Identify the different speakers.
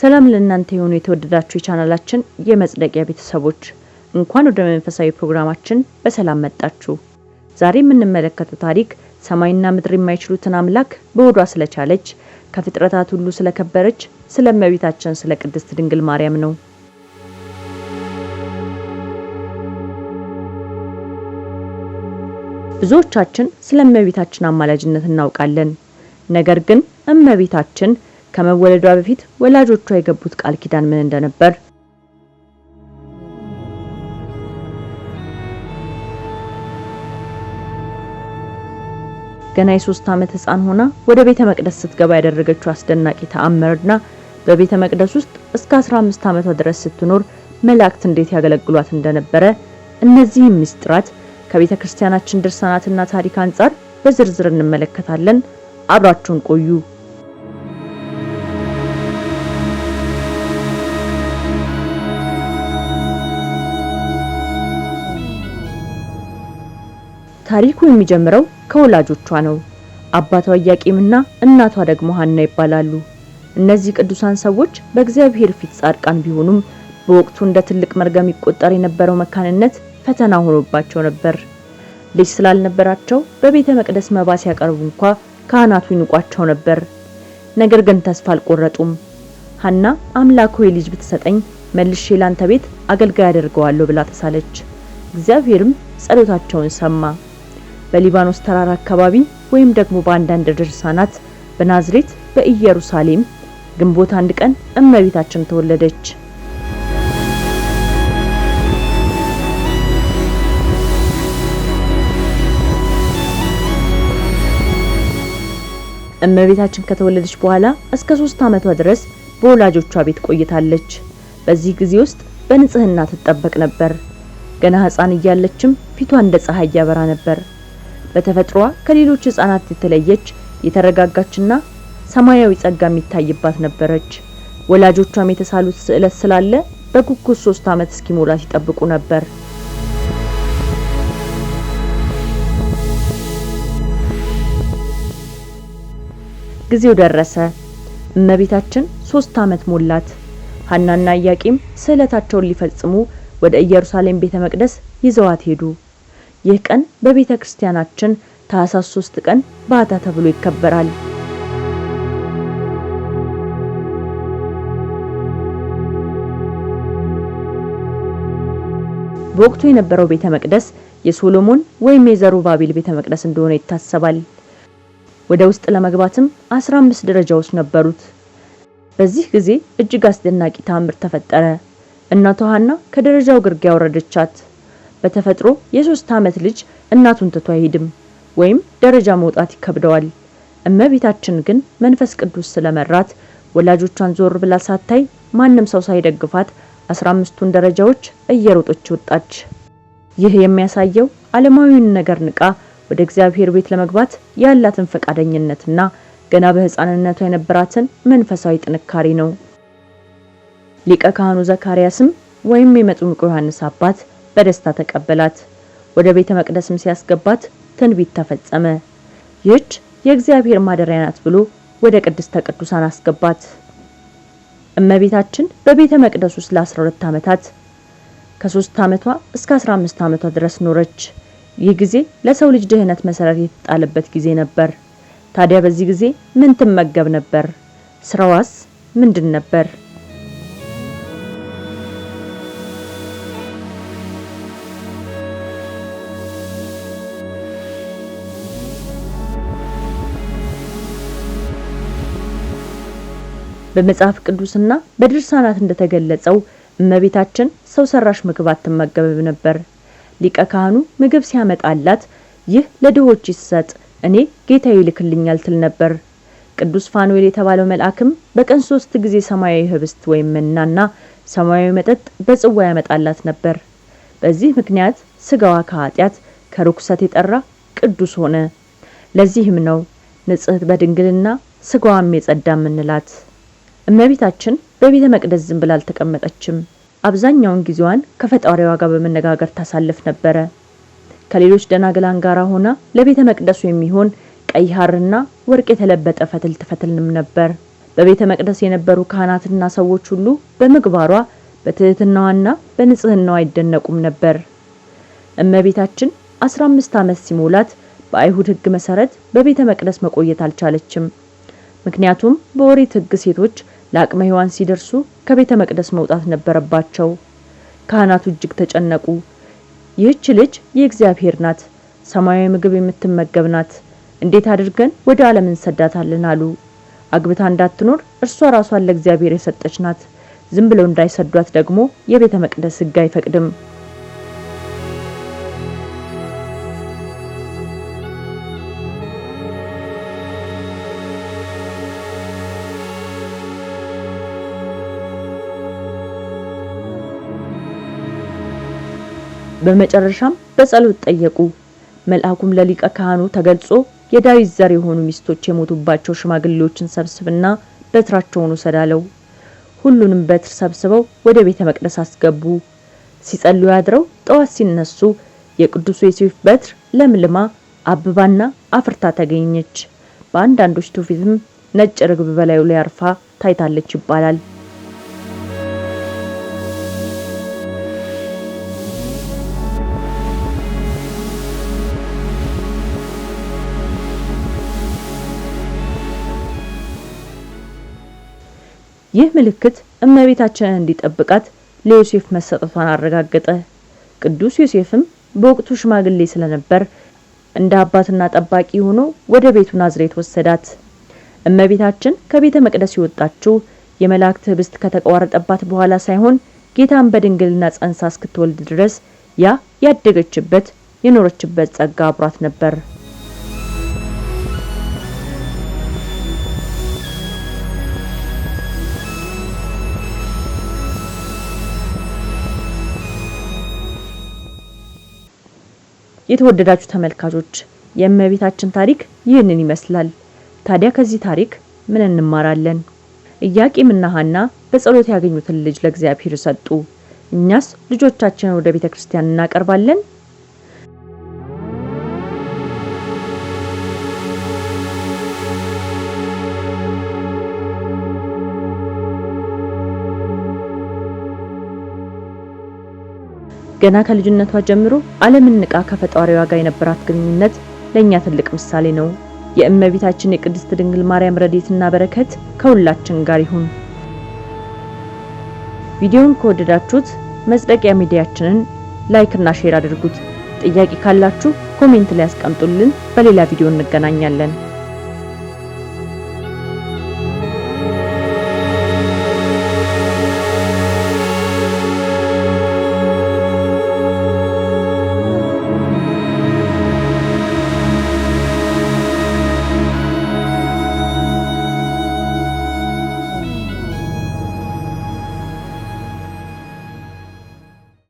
Speaker 1: ሰላም ለእናንተ የሆኑ የተወደዳችሁ የቻናላችን የመጽደቂያ ቤተሰቦች እንኳን ወደ መንፈሳዊ ፕሮግራማችን በሰላም መጣችሁ። ዛሬ የምንመለከተው ታሪክ ሰማይና ምድር የማይችሉትን አምላክ በሆዷ ስለቻለች ከፍጥረታት ሁሉ ስለከበረች ስለ እመቤታችን ስለ ቅድስት ድንግል ማርያም ነው። ብዙዎቻችን ስለ እመቤታችን አማላጅነት እናውቃለን። ነገር ግን እመቤታችን ከመወለዷ በፊት ወላጆቿ የገቡት ቃል ኪዳን ምን እንደነበር ገና የሶስት ዓመት ህፃን ሆና ወደ ቤተ መቅደስ ስትገባ ያደረገችው አስደናቂ ተአምርና በቤተ መቅደስ ውስጥ እስከ 15 ዓመቷ ድረስ ስትኖር መላእክት እንዴት ያገለግሏት እንደነበረ እነዚህም ምስጢራት ከቤተ ክርስቲያናችን ድርሳናትና ታሪክ አንጻር በዝርዝር እንመለከታለን። አብራችሁን ቆዩ። ታሪኩ የሚጀምረው ከወላጆቿ ነው። አባቷ ኢያቄምና እናቷ ደግሞ ሐና ይባላሉ። እነዚህ ቅዱሳን ሰዎች በእግዚአብሔር ፊት ጻድቃን ቢሆኑም በወቅቱ እንደ ትልቅ መርገም ይቆጠር የነበረው መካንነት ፈተና ሆኖባቸው ነበር። ልጅ ስላልነበራቸው በቤተ መቅደስ መባ ሲያቀርቡ እንኳ ካህናቱ ይንቋቸው ነበር። ነገር ግን ተስፋ አልቆረጡም። ሐና አምላኮ ልጅ ብትሰጠኝ መልሼ ላንተ ቤት አገልጋይ አደርገዋለሁ ብላ ተሳለች። እግዚአብሔርም ጸሎታቸውን ሰማ። በሊባኖስ ተራራ አካባቢ ወይም ደግሞ በአንዳንድ ድርሳናት በናዝሬት በኢየሩሳሌም ግንቦት አንድ ቀን እመቤታችን ተወለደች። እመቤታችን ከተወለደች በኋላ እስከ ሶስት ዓመቷ ድረስ በወላጆቿ ቤት ቆይታለች። በዚህ ጊዜ ውስጥ በንጽህና ትጠበቅ ነበር። ገና ሕፃን እያለችም ፊቷ እንደ ፀሐይ ያበራ ነበር። በተፈጥሯ ከሌሎች ህጻናት የተለየች የተረጋጋችና ሰማያዊ ጸጋ የሚታይባት ነበረች። ወላጆቿም የተሳሉት ስዕለት ስላለ በጉጉት ሶስት ዓመት እስኪሞላ ሲጠብቁ ነበር። ጊዜው ደረሰ። እመቤታችን ሶስት ዓመት ሞላት። ሀናና ኢያቄም ስዕለታቸውን ሊፈጽሙ ወደ ኢየሩሳሌም ቤተ መቅደስ ይዘዋት ሄዱ። ይህ ቀን በቤተ ክርስቲያናችን ታኅሳስ 3 ቀን ባታ ተብሎ ይከበራል። በወቅቱ የነበረው ቤተ መቅደስ የሶሎሞን ወይም የዘሩባቤል ቤተ መቅደስ እንደሆነ ይታሰባል። ወደ ውስጥ ለመግባትም 15 ደረጃዎች ነበሩት። በዚህ ጊዜ እጅግ አስደናቂ ተአምር ተፈጠረ። እናቷ ሐና ከደረጃው ግርጌ ያወረደቻት በተፈጥሮ የሶስት ዓመት ልጅ እናቱን ትቶ አይሄድም ወይም ደረጃ መውጣት ይከብደዋል። እመቤታችን ግን መንፈስ ቅዱስ ስለመራት ወላጆቿን ዞር ብላ ሳታይ ማንም ሰው ሳይደግፋት አስራ አምስቱን ደረጃዎች እየሮጠች ወጣች። ይህ የሚያሳየው ዓለማዊውን ነገር ንቃ ወደ እግዚአብሔር ቤት ለመግባት ያላትን ፈቃደኝነትና ገና በሕፃንነቷ የነበራትን መንፈሳዊ ጥንካሬ ነው። ሊቀ ካህኑ ዘካርያስም ወይም የመጥምቁ ዮሐንስ አባት በደስታ ተቀበላት። ወደ ቤተ መቅደስም ሲያስገባት ትንቢት ተፈጸመ። ይህች የእግዚአብሔር ማደሪያ ናት ብሎ ወደ ቅድስተ ቅዱሳን አስገባት። እመቤታችን በቤተ መቅደስ ውስጥ ለ12 ዓመታት ከ3 ዓመቷ እስከ 15 ዓመቷ ድረስ ኖረች። ይህ ጊዜ ለሰው ልጅ ድህነት መሰረት የተጣለበት ጊዜ ነበር። ታዲያ በዚህ ጊዜ ምን ትመገብ ነበር? ስራዋስ ምንድን ነበር? በመጽሐፍ ቅዱስና በድርሳናት እንደተገለጸው እመቤታችን ሰው ሰራሽ ምግብ አትመገብ ነበር። ሊቀ ካህኑ ምግብ ሲያመጣላት ይህ ለድሆች ይሰጥ፣ እኔ ጌታ ይልክልኛል ትል ነበር። ቅዱስ ፋኑኤል የተባለው መልአክም በቀን ሶስት ጊዜ ሰማያዊ ህብስት ወይም መናና ሰማያዊ መጠጥ በጽዋ ያመጣላት ነበር። በዚህ ምክንያት ስጋዋ ከኃጢአት ከርኩሰት የጠራ ቅዱስ ሆነ። ለዚህም ነው ንጽህት በድንግልና ስጋዋም የጸዳ ምንላት። እመቤታችን በቤተ መቅደስ ዝም ብላ አልተቀመጠችም። አብዛኛውን ጊዜዋን ከፈጣሪዋ ጋር በመነጋገር ታሳልፍ ነበረ። ከሌሎች ደናግላን ጋር ሆና ለቤተ መቅደሱ የሚሆን ቀይ ሐርና ወርቅ የተለበጠ ፈትል ትፈትልንም ነበር። በቤተ መቅደስ የነበሩ ካህናትና ሰዎች ሁሉ በምግባሯ በትህትናዋና በንጽህናዋ አይደነቁም ነበር። እመቤታችን 15 ዓመት ሲሞላት በአይሁድ ሕግ መሰረት በቤተ መቅደስ መቆየት አልቻለችም። ምክንያቱም በኦሪት ሕግ ሴቶች ለአቅመ ሔዋን ሲደርሱ ከቤተ መቅደስ መውጣት ነበረባቸው። ካህናቱ እጅግ ተጨነቁ። ይህች ልጅ የእግዚአብሔር ናት፣ ሰማያዊ ምግብ የምትመገብ ናት። እንዴት አድርገን ወደ ዓለም እንሰዳታለን አሉ። አግብታ እንዳትኖር እርሷ ራሷን ለእግዚአብሔር የሰጠች ናት። ዝም ብለው እንዳይሰዷት ደግሞ የቤተ መቅደስ ሕግ አይፈቅድም። በመጨረሻም በጸሎት ጠየቁ። መልአኩም ለሊቀ ካህኑ ተገልጾ የዳዊት ዘር የሆኑ ሚስቶች የሞቱባቸው ሽማግሌዎችን ሰብስብና በትራቸውን ውሰድ አለው። ሁሉንም በትር ሰብስበው ወደ ቤተ መቅደስ አስገቡ። ሲጸልዩ ያድረው ጠዋት ሲነሱ የቅዱሱ ዮሴፍ በትር ለምልማ አብባና አፍርታ ተገኘች። በአንዳንዶች ትውፊትም ነጭ ርግብ በላዩ ላይ አርፋ ታይታለች ይባላል። ይህ ምልክት እመቤታችንን እንዲጠብቃት ለዮሴፍ መሰጠቷን አረጋገጠ። ቅዱስ ዮሴፍም በወቅቱ ሽማግሌ ስለነበር እንደ አባትና ጠባቂ ሆኖ ወደ ቤቱ ናዝሬት ወሰዳት። እመቤታችን ከቤተ መቅደስ የወጣችው የመላእክት ህብስት ከተቋረጠባት በኋላ ሳይሆን ጌታን በድንግልና ጸንሳ እስክትወልድ ድረስ ያ ያደገችበት የኖረችበት ጸጋ አብሯት ነበር። የተወደዳችሁ ተመልካቾች የእመቤታችን ታሪክ ይህንን ይመስላል። ታዲያ ከዚህ ታሪክ ምን እንማራለን? ኢያቄምና ሐና በጸሎት ያገኙትን ልጅ ለእግዚአብሔር ሰጡ። እኛስ ልጆቻችንን ወደ ቤተ ክርስቲያን እናቀርባለን? ገና ከልጅነቷ ጀምሮ ዓለምን ንቃ ከፈጣሪዋ ጋር የነበራት ግንኙነት ለኛ ትልቅ ምሳሌ ነው። የእመቤታችን የቅድስት ድንግል ማርያም ረድኤትና በረከት ከሁላችን ጋር ይሁን። ቪዲዮውን ከወደዳችሁት መጽደቂያ ሚዲያችንን ላይክ እና ሼር አድርጉት። ጥያቄ ካላችሁ ኮሜንት ላይ አስቀምጡልን በሌላ ቪዲዮ እንገናኛለን።